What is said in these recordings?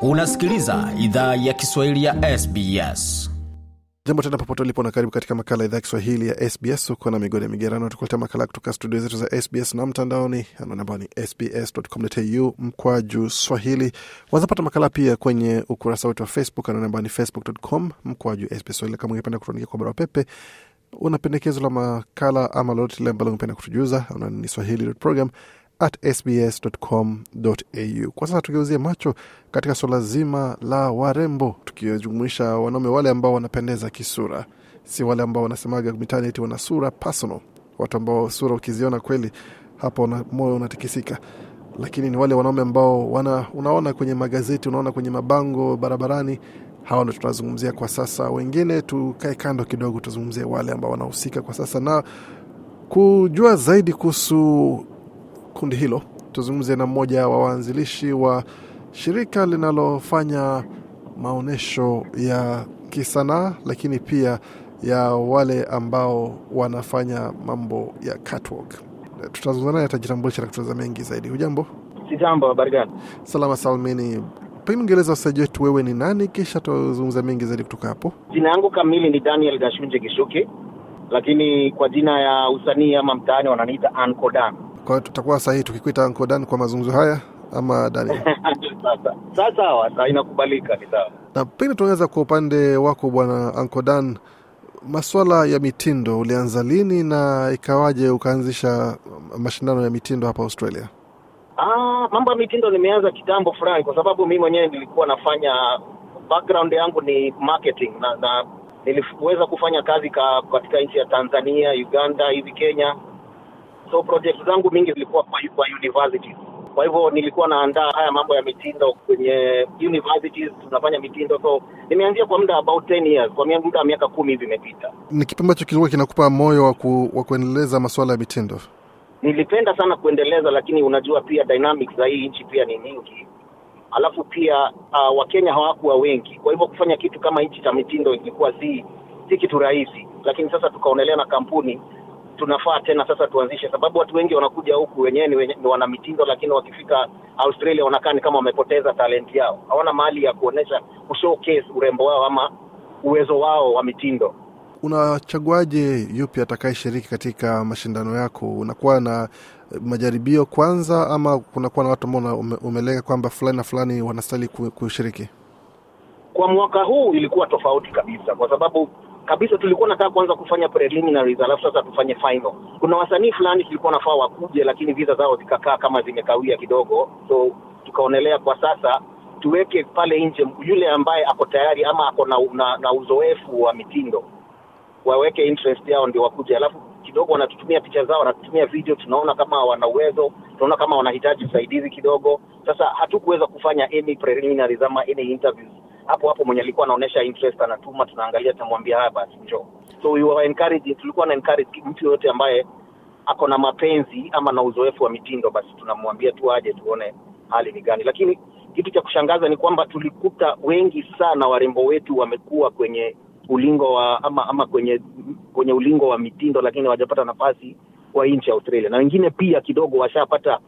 unasikiliza idhaa ya kiswahili ya sbs jambo tena popote ulipo na karibu katika makala idhaa ya kiswahili ya sbs huko na migodi ya migerano tukuletea makala kutoka studio zetu za sbs na mtandaoni anwani ambao ni sbscu mkwaju swahili wazapata makala pia kwenye ukurasa wetu wa facebook ambao ni facebookcom mkwaju sbs swahili kama ungependa kutuandikia kwa barua pepe una pendekezo la makala ama lolote lile ambalo ungependa kutujuza ni swahili program at sbs.com.au. Kwa sasa tugeuzie macho katika suala zima la warembo, tukijumuisha wanaume wale ambao wanapendeza kisura, si wale ambao wanasemaga mitaani eti wana sura personal, watu ambao sura ukiziona kweli hapo una, moyo unatikisika lakini ni wale wanaume ambao wana, unaona kwenye magazeti, unaona kwenye mabango barabarani. Hawa ndo tunazungumzia kwa sasa. Wengine tukae kando kidogo, tuzungumzie wale ambao wanahusika kwa sasa na kujua zaidi kuhusu kundi hilo. Tuzungumze na mmoja wa waanzilishi wa shirika linalofanya maonyesho ya kisanaa, lakini pia ya wale ambao wanafanya mambo ya catwalk. Tutazungumza naye, atajitambulisha na kutueleza mengi zaidi. Hujambo? Sijambo, habari gani? Salama salmini. Pengine ungeeleza wasaji wetu wewe ni nani, kisha tutazungumza mengi zaidi kutoka hapo. Jina yangu kamili ni Daniel Gashunje Kishuki, lakini kwa jina ya usanii ama mtaani wananiita Ankodan kwa tutakuwa sahihi tukikuita Uncle Dan kwa mazungumzo haya ama Daniel? Sasa sawa, inakubalika, ni sawa. Na pengine tunaanza kwa upande wako bwana Uncle Dan, maswala ya mitindo ulianza lini na ikawaje ukaanzisha mashindano ya mitindo hapa Australia? Ah, mambo ya mitindo nimeanza kitambo fulani, kwa sababu mimi mwenyewe nilikuwa nafanya background yangu ni marketing na, na niliweza kufanya kazi ka, katika nchi ya Tanzania, Uganda, hivi Kenya So project zangu mingi zilikuwa kwa, kwa universities. Kwa hivyo nilikuwa naandaa haya mambo ya mitindo kwenye universities, tunafanya mitindo. So nimeanzia kwa muda about 10 years, kwa muda wa miaka kumi hivi imepita. Ni kipi ambacho kilikuwa kinakupa moyo wa, ku, wa kuendeleza masuala ya mitindo? Nilipenda sana kuendeleza, lakini unajua pia dynamics za hii nchi pia ni nyingi alafu pia uh, Wakenya hawakuwa wengi, kwa hivyo kufanya kitu kama hichi cha mitindo ilikuwa si si kitu rahisi, lakini sasa tukaonelea na kampuni tunafaa tena sasa tuanzishe, sababu watu wengi wanakuja huku wenyewe ni, wenye, ni wana mitindo, lakini wakifika Australia wanakaa ni kama wamepoteza talenti yao, hawana mahali ya kuonyesha kushowcase urembo wao ama uwezo wao wa mitindo. Unachaguaje yupi atakayeshiriki katika mashindano yako? Unakuwa na eh, majaribio kwanza, ama kunakuwa na watu ambao ume, kwamba fulani na fulani wanastahili kushiriki? Kwa mwaka huu ilikuwa tofauti kabisa, kwa sababu kabisa tulikuwa nataka kwanza kufanya preliminaries alafu sasa tufanye final. Kuna wasanii fulani tulikuwa nafaa wakuje, lakini visa zao zikakaa kama zimekawia kidogo, so tukaonelea kwa sasa tuweke pale nje yule ambaye ako tayari ama ako na, na, na uzoefu wa mitindo, waweke interest yao ndio wakuje, alafu kidogo wanatutumia picha zao, wanatutumia video, tunaona kama wana uwezo, tunaona kama wanahitaji usaidizi kidogo. Sasa hatukuweza kufanya any preliminaries ama any interviews hapo hapo mwenye alikuwa anaonyesha interest anatuma, tunaangalia, tunamwambia haya, basi njo So we were encouraging, tulikuwa na encourage mtu yoyote ambaye ako na mapenzi ama na uzoefu wa mitindo, basi tunamwambia tu aje tuone hali ni gani. Lakini kitu cha kushangaza ni kwamba tulikuta wengi sana warembo wetu wamekuwa kwenye ulingo wa ama ama kwenye kwenye ulingo wa mitindo, lakini hawajapata nafasi kwa nchi ya Australia, na wengine pia kidogo washapata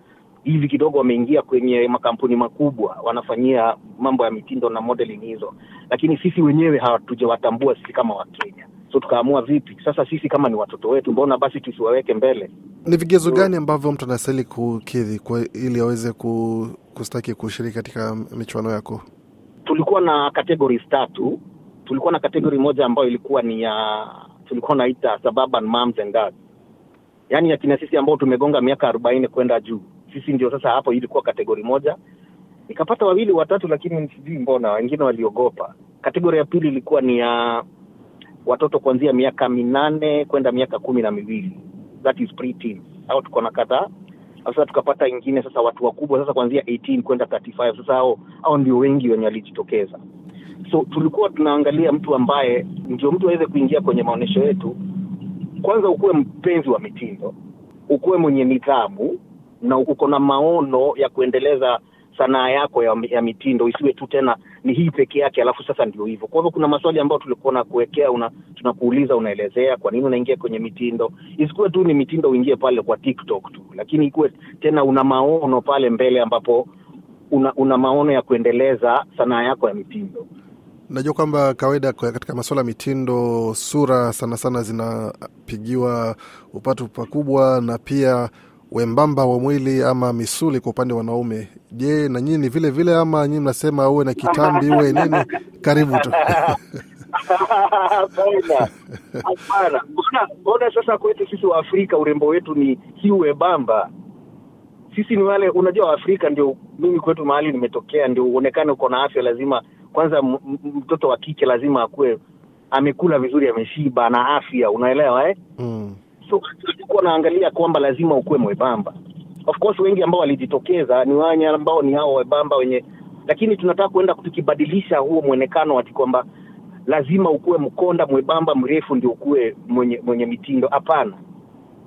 hivi kidogo wameingia kwenye makampuni makubwa wanafanyia mambo ya mitindo na modeling hizo, lakini sisi wenyewe hatujawatambua sisi kama Wakenya. So tukaamua vipi sasa, sisi kama ni watoto wetu, mbona basi tusiwaweke mbele? Ni vigezo so, gani ambavyo mtu anastahili kukidhi kwa ili aweze ku, kustaki kushiriki katika michuano yako? Tulikuwa na categories tatu. Tulikuwa na kategori moja ambayo ilikuwa ni ya tulikuwa naita suburban moms and dads, yaani akina sisi ambao tumegonga miaka arobaini kwenda juu sisi ndio sasa, hapo ilikuwa kategori moja, nikapata wawili watatu, lakini sijui mbona wengine waliogopa. Kategori ya pili ilikuwa ni ya watoto kuanzia miaka minane kwenda miaka kumi na miwili that is au tuko na kadhaa sasa tukapata ingine sasa watu wakubwa sasa kuanzia 18 kwenda 35 sasa hao au ndio wengi wenye walijitokeza so tulikuwa tunaangalia mtu ambaye ndio mtu aweze kuingia kwenye maonyesho yetu kwanza ukuwe mpenzi wa mitindo ukuwe mwenye nidhamu na uko na maono ya kuendeleza sanaa yako ya, ya mitindo isiwe tu tena ni hii peke yake alafu sasa ndio hivyo kwa hivyo kuna maswali ambayo tulikuwa na kuwekea una, tunakuuliza unaelezea kwa nini unaingia kwenye mitindo isikuwe tu ni mitindo uingie pale kwa tiktok tu lakini ikuwe tena una maono pale mbele ambapo una, una maono ya kuendeleza sanaa yako ya mitindo najua kwamba kawaida katika masuala ya mitindo sura sana sana zinapigiwa upatu pakubwa na pia wembamba wa mwili ama misuli kwa upande wa wanaume. Je, na nyinyi vile vile ama nyinyi mnasema uwe na kitambi uwe nini? Karibu tu Hapana, hapana. sasa kwetu sisi wa Afrika urembo wetu ni hiu bamba. Sisi ni wale, unajua Waafrika ndio, mimi kwetu mahali nimetokea, ndio uonekane uko na afya, lazima kwanza mtoto wa kike lazima akuwe amekula vizuri, ameshiba na afya, unaelewa eh? Mm so tulikuwa naangalia kwamba lazima ukuwe mwebamba of course wengi ambao walijitokeza ni wanya ambao ni hao webamba wenye lakini tunataka kuenda tukibadilisha huo mwonekano ati kwamba lazima ukuwe mkonda mwebamba mrefu ndio ukuwe mwenye, mwenye mitindo hapana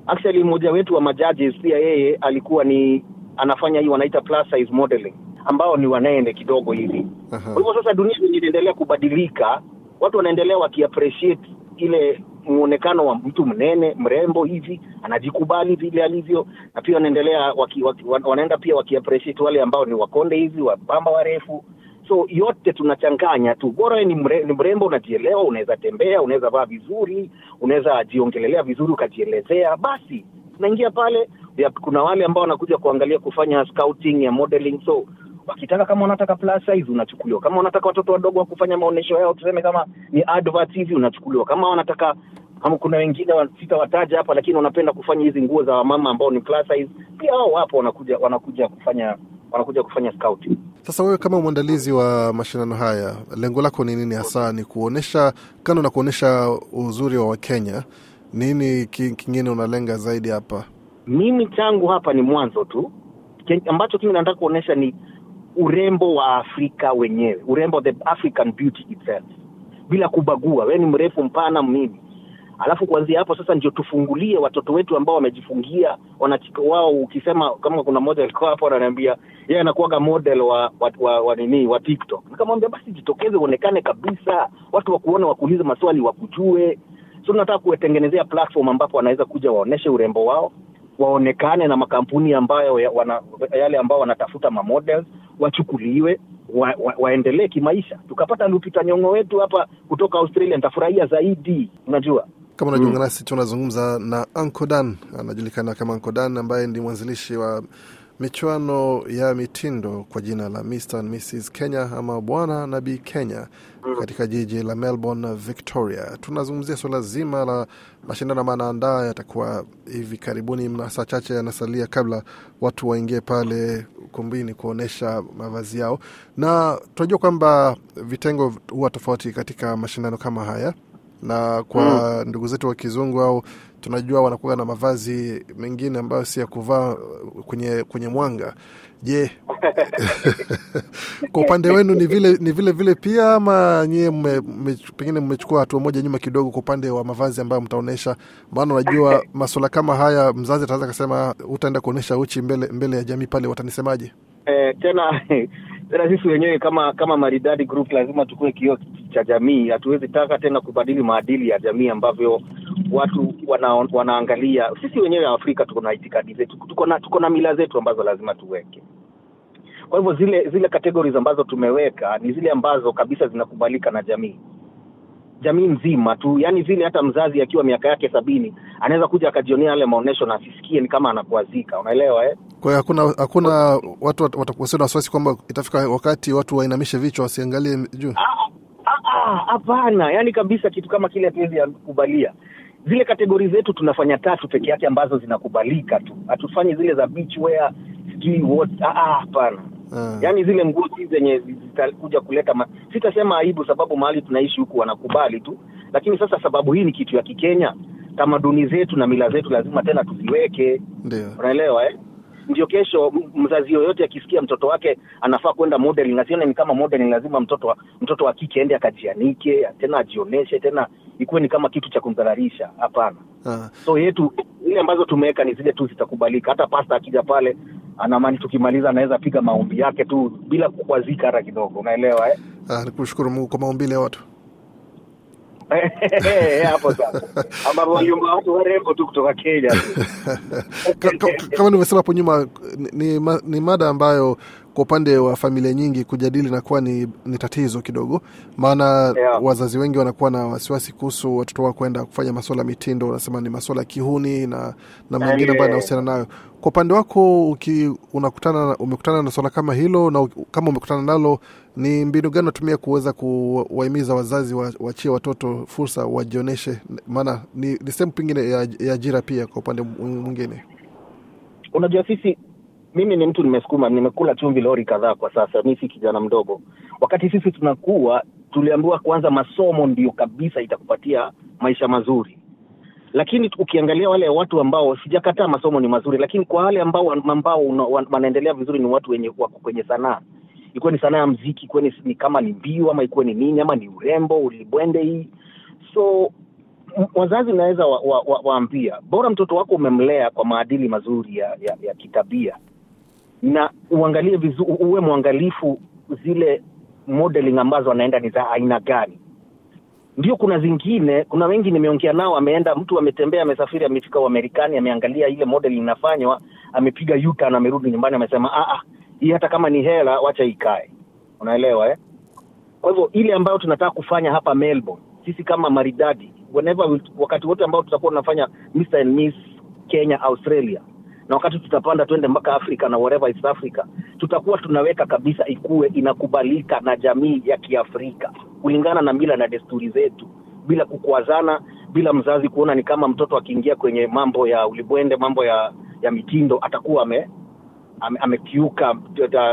actually mmoja wetu wa majudges pia yeye alikuwa ni anafanya hii wanaita plus size modeling ambao ni wanene kidogo hivi kwa hivyo sasa dunia inaendelea kubadilika watu wanaendelea wakiappreciate ile muonekano wa mtu mnene mrembo hivi anajikubali vile alivyo na pia wanaendelea waki, waki, wanaenda pia wakiapreciate wale ambao ni wakonde hivi wabamba warefu so yote tunachanganya tu bora ni, mre, ni mrembo unajielewa unaweza tembea unaweza vaa vizuri unaweza jiongelelea vizuri ukajielezea basi unaingia pale ya, kuna wale ambao wanakuja kuangalia kufanya scouting ya modeling so wakitaka kama wanataka plus size unachukuliwa kama wanataka watoto wadogo wa kufanya maonyesho yao tuseme kama ni advert hivi unachukuliwa kama wanataka kama kuna wengine sitawataja hapa lakini wanapenda kufanya hizi nguo za wamama ambao ni plus size pia hao wapo wanakuja wanakuja kufanya wanakuja kufanya scouting. Sasa wewe kama mwandalizi wa mashindano haya, lengo lako ni nini hasa? Ni kuonesha kando na kuonesha uzuri wa Wakenya, nini kingine unalenga zaidi hapa? Mimi tangu hapa ni mwanzo tu, ambacho kingi nataka kuonesha ni urembo wa Afrika wenyewe, urembo the African beauty itself, bila kubagua wewe ni mrefu, mpana, mimi alafu kuanzia hapo sasa ndio tufungulie watoto wetu ambao wamejifungia wao. Ukisema kama kuna moja alikuwa hapo ananiambia yeye anakuwaga model wa wa, wa, wa nini wa TikTok, nikamwambia basi jitokeze, uonekane kabisa, watu wakuone, wakuulize maswali, wakujue. So nataka kuwatengenezea platform ambapo wanaweza kuja waoneshe urembo wao, waonekane na makampuni ambayo ya, wana, yale ambao wanatafuta models wachukuliwe wa, wa, waendelee kimaisha. Tukapata Lupita Nyong'o wetu hapa kutoka Australia, nitafurahia zaidi. Unajua, kama unajiunga mm. nasi, tunazungumza na Ankodan, anajulikana kama Ankodan ambaye ni mwanzilishi wa michuano ya mitindo kwa jina la Mr and Mrs Kenya ama bwana na bi Kenya mm. katika jiji la Melbourne, Victoria. Tunazungumzia suala zima la mashindano manaandaa yatakuwa hivi karibuni, masaa chache yanasalia kabla watu waingie pale ukumbini kuonyesha mavazi yao, na tunajua kwamba vitengo huwa tofauti katika mashindano kama haya na kwa mm. ndugu zetu wa kizungu au tunajua wanakuwa na mavazi mengine ambayo si ya kuvaa kwenye, kwenye mwanga. Je, kwa upande wenu ni vile, ni vile vile pia ama nyie me, me, pengine mmechukua hatua moja nyuma kidogo kwa upande wa mavazi ambayo mtaonyesha? Maana unajua maswala kama haya, mzazi ataweza kasema utaenda kuonyesha uchi mbele, mbele ya jamii pale, watanisemaje? Eh, tena tena sisi wenyewe kama kama Maridadi Group lazima tukue kioo cha jamii. Hatuwezi taka tena kubadili maadili ya jamii ambavyo watu wana, wanaangalia. Sisi wenyewe Afrika tuko na itikadi zetu, tuko na tuko na mila zetu ambazo lazima tuweke. Kwa hivyo zile zile categories ambazo tumeweka ni zile ambazo kabisa zinakubalika na jamii jamii nzima tu, yani vile hata mzazi akiwa miaka yake sabini anaweza kuja akajionea yale maonyesho na asisikie ni kama anakuazika, unaelewa eh? Kwa hiyo hakuna, hakuna watu watakuwa na wasiwasi kwamba itafika wakati watu wainamishe vichwa wasiangalie juu? Ah, ah, ah, hapana, yani kabisa, kitu kama kile hatuwezi kukubalia. Zile kategori zetu tunafanya tatu peke yake ambazo zinakubalika tu, hatufanyi zile za beach sijui what. Hapana. Uh, yaani zile nguo si zenye zitakuja kuleta ma... sitasema aibu, sababu mahali tunaishi huku wanakubali tu, lakini sasa sababu hii ni kitu ya Kikenya, tamaduni zetu na mila zetu lazima tena tuziweke, unaelewa eh? ndio kesho mzazi yoyote akisikia mtoto wake anafaa kwenda modeling, asione ni kama modeling lazima mtoto wa, mtoto wa kike ende akajianike tena ajioneshe tena ikuwe ni kama kitu cha kumdhararisha. Hapana. Ah. So yetu ile ambazo tumeweka ni zile tu zitakubalika. Hata pasta akija pale anamani tukimaliza anaweza piga maombi yake tu bila kukwazika hata kidogo, unaelewa eh? Ah, nikushukuru Mungu kwa maombi ya watu Eh, eh, hapo sasa ambapo waliumba watu warembo tu kutoka Kenya. Kama nilivyosema hapo nyuma, ni, ni, ni mada ambayo kwa upande wa familia nyingi kujadili inakuwa ni, ni tatizo kidogo, maana yeah. Wazazi wengi wanakuwa na wasiwasi kuhusu watoto wao kwenda kufanya maswala ya mitindo, wanasema ni maswala ya kihuni na, na mengine ambayo yanahusiana nayo. Kwa upande wako uki, unakutana, umekutana na swala kama hilo, na kama umekutana nalo, ni mbinu gani unatumia kuweza kuwahimiza wazazi waachie watoto fursa wajionyeshe? Maana ni, ni sehemu pengine ya, ya ajira pia kwa upande mwingine. Unajua sisi mimi ni mtu nimesukuma, nimekula chumvi lori kadhaa kwa sasa, mi si kijana mdogo. Wakati sisi tunakuwa tuliambiwa kwanza masomo ndio kabisa itakupatia maisha mazuri, lakini ukiangalia wale watu ambao, sijakataa masomo ni mazuri, lakini kwa wale ambao ambao wanaendelea vizuri ni watu wenye wako kwenye sanaa, ikuwe ni sanaa ya mziki, ikuwe ni, ni kama ni mbio ama ikuwe ni nini ama ni urembo, ulibwende hii so wazazi naweza waambia wa, wa, wa bora mtoto wako umemlea kwa maadili mazuri ya, ya, ya kitabia na uangalie vizu, uwe mwangalifu zile modeling ambazo anaenda ni za aina gani. Ndio, kuna zingine, kuna wengi nimeongea nao, ameenda mtu ametembea, amesafiri, amefika Uamerikani, ameangalia ile modeling inafanywa, amepiga yuta na amerudi nyumbani, amesema ah ah, hii hata kama ni hela, wacha ikae. Unaelewa eh? Kwa hivyo ile ambayo tunataka kufanya hapa Melbourne, sisi kama maridadi, whenever, wakati wote ambao tutakuwa tunafanya Mr and Miss Kenya Australia na wakati tutapanda twende mpaka afrika na whatever is africa tutakuwa tunaweka kabisa ikuwe inakubalika na jamii ya kiafrika kulingana na mila na desturi zetu bila kukwazana bila mzazi kuona ni kama mtoto akiingia kwenye mambo ya ulibwende mambo ya ya mitindo atakuwa ame amekiuka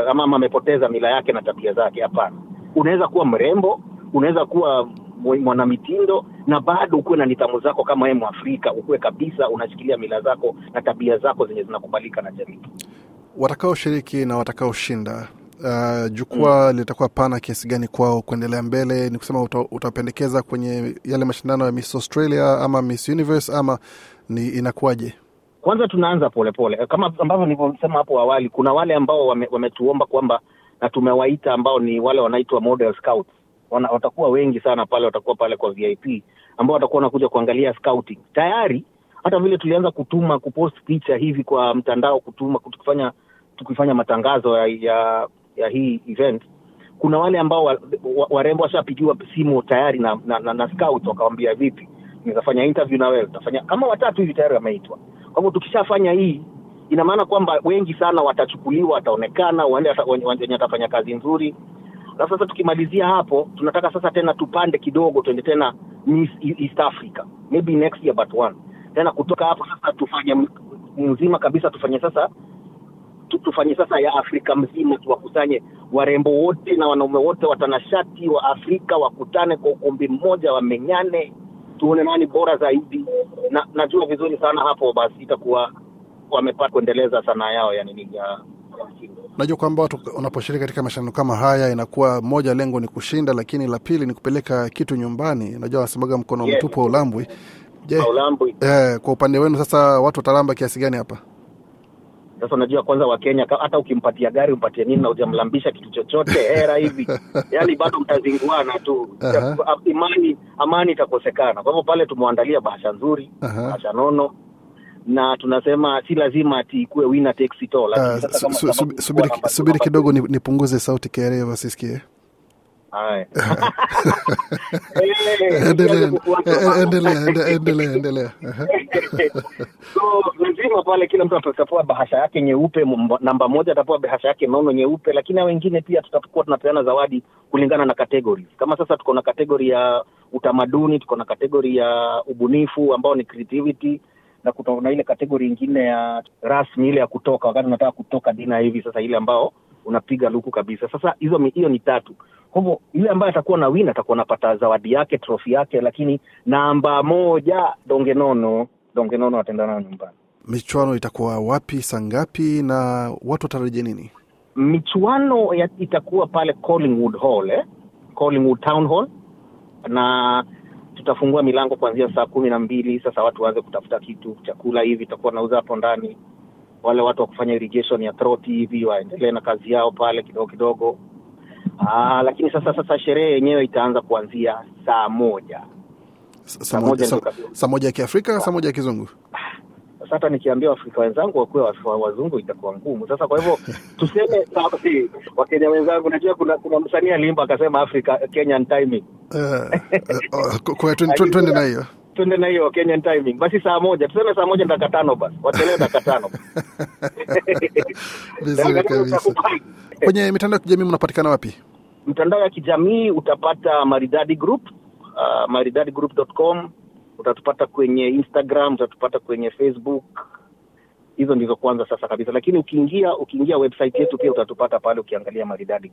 ama amepoteza mila yake na tabia zake hapana unaweza kuwa mrembo unaweza kuwa mwanamitindo na bado ukuwe na nidhamu zako kama ye Mwafrika, ukuwe kabisa unashikilia mila zako na tabia zako zenye zinakubalika na jamii. Watakaoshiriki na watakaoshinda Uh, jukwaa mm, litakuwa pana kiasi gani kwao kuendelea mbele? Ni kusema utapendekeza kwenye yale mashindano ya Miss Australia ama Miss Universe ama ni inakuwaje? Kwanza tunaanza polepole pole. Eh, kama ambavyo nilivyosema hapo awali, kuna wale ambao wame, wametuomba kwamba na tumewaita ambao ni wale wanaitwa model scouts wana, watakuwa wengi sana pale, watakuwa pale kwa VIP ambao watakuwa wanakuja kuangalia scouting tayari. Hata vile tulianza kutuma kupost picha hivi kwa mtandao, kutuma tukifanya tukifanya matangazo ya, ya, ya hii event, kuna wale ambao warembo wa, wa washapigiwa simu tayari na, na, na, na scout wakawambia, vipi nitafanya interview na wewe, tutafanya kama watatu hivi tayari wameitwa. Kwa hivyo tukishafanya hii ina maana kwamba wengi sana watachukuliwa, wataonekana wenye watafanya kazi nzuri na sasa tukimalizia hapo tunataka sasa tena tupande kidogo tuende tena Miss e- East Africa maybe next year but one tena kutoka hapo sasa tufanye mzima kabisa tufanye sasa tufanye sasa ya Afrika mzima, tuwakusanye warembo wote na wanaume wote watanashati wa Afrika wakutane kwa ukumbi mmoja, wamenyane, tuone nani bora zaidi. Na najua vizuri sana hapo, basi itakuwa wamepata kuendeleza sanaa yao yani ya Najua kwamba watu unaposhiriki katika mashindano kama haya, inakuwa moja, lengo ni kushinda, lakini la pili ni kupeleka kitu nyumbani. Najua wanasemaga mkono yes, mtupu wa ulambwi. Je, eh, kwa upande wenu sasa watu watalamba kiasi gani hapa? Sasa unajua, kwanza Wakenya hata ukimpatia gari umpatie nini na ujamlambisha kitu chochote hera hivi yani bado mtazinguana tu. Uh-huh. Imani, amani itakosekana. Kwa hivyo pale tumewandalia bahasha nzuri. Uh-huh. bahasha nono na tunasema si lazima ati ikuwe winner takes it all. Uh, subiri kidogo nipunguze ni sauti KRA wasisikie. So lazima pale kila mtu atapewa bahasha yake nyeupe, namba moja atapewa bahasha yake nono nyeupe, lakini na wengine pia tutakuwa tunapeana zawadi kulingana na categories. Kama sasa tuko na kategori ya utamaduni, tuko na kategori ya ubunifu ambao ni creativity na kuto, ile kategori ingine ya rasmi ile ya kutoka wakati unataka kutoka dina hivi sasa, ile ambao unapiga luku kabisa. Sasa hizo hiyo ni tatu. Kwa hivyo yule ambaye atakuwa na win atakuwa anapata zawadi yake, trofi yake, lakini namba moja dongenono dongenono ataenda nayo nyumbani. Michuano itakuwa wapi, saa ngapi, na watu watarajia nini? Michuano itakuwa pale Collingwood Hall, eh? Collingwood Town Hall na tutafungua milango kuanzia saa kumi na mbili. Sasa watu waanze kutafuta kitu chakula hivi, tutakuwa nauza hapo ndani. Wale watu wa kufanya irrigation ya throat hivi waendelee na kazi yao pale kidogo kidogo. Aa, ah, lakini sasa sasa sherehe yenyewe itaanza kuanzia saa moja saa moja ya Kiafrika, saa moja ya Kizungu. Sasa hata nikiambia Waafrika wenzangu wakuwe wazungu itakuwa ngumu. Sasa kwa hivyo tuseme sasi Wakenya wenzangu, najua kuna, kuna msanii alimba akasema Africa Kenyan timing. Eh, eh, oh, twende na hiyo tuende na hiyo Kenyan timing basi, saa moja tuseme, saa moja dakika tano basi watelee dakika tano vizuri kabisa. Kwenye mitandao ya kijamii mnapatikana wapi? Mtandao ya kijamii utapata Maridadi Group, uh, maridadi group.com utatupata kwenye Instagram, utatupata kwenye Facebook. Hizo ndizo kwanza sasa kabisa, lakini ukiingia ukiingia website yetu pia utatupata pale, ukiangalia maridadi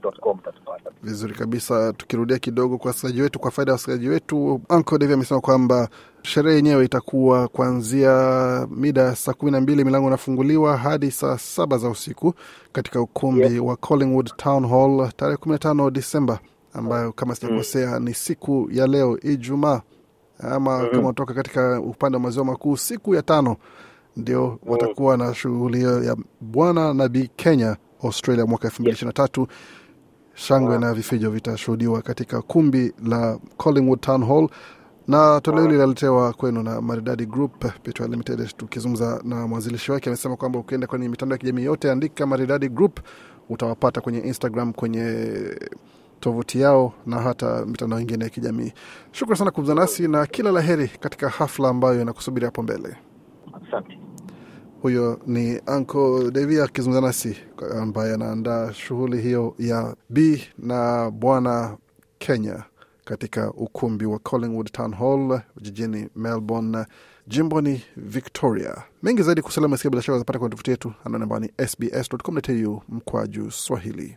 utatupata vizuri kabisa. Tukirudia kidogo kwa wasikilizaji wetu, kwa faida ya wasikilizaji wetu, Uncle amesema kwamba sherehe yenyewe itakuwa kuanzia mida ya saa kumi na mbili milango inafunguliwa hadi saa saba za usiku katika ukumbi yes. wa Collingwood Town Hall tarehe kumi na tano Disemba ambayo kama mm. sijakosea mm, ni siku ya leo Ijumaa ama mm -hmm. kama unatoka katika upande wa maziwa makuu siku ya tano ndio oh. watakuwa na shughuli hiyo ya bwana na bi Kenya Australia mwaka elfu mbili ishirini na tatu. Shangwe wow. na vifijo vitashuhudiwa katika kumbi la Collingwood Town Hall na toleo hili linaletewa kwenu na Maridadi Group Limited. Tukizungumza na mwanzilishi wake, amesema kwamba ukienda kwenye mitandao ya kijamii yote, andika Maridadi Group utawapata kwenye Instagram, kwenye tovuti yao na hata mitandao ingine ya kijamii. Shukran sana kumza nasi na kila laheri katika hafla ambayo inakusubiri hapo mbele. Asante. Huyo ni Anko Devi akizungumza nasi ambaye anaandaa shughuli hiyo ya b na Bwana Kenya katika ukumbi wa Collingwood Town Hall jijini Melbourne, jimboni Victoria. Mengi zaidi kusalama sikia bila shaka zapata kwenye tovuti yetu anaone ambao ni sbs.com.au mkwaju Swahili